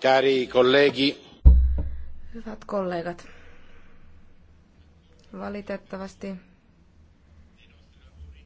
Cari colleghi. Hyvät kollegat, valitettavasti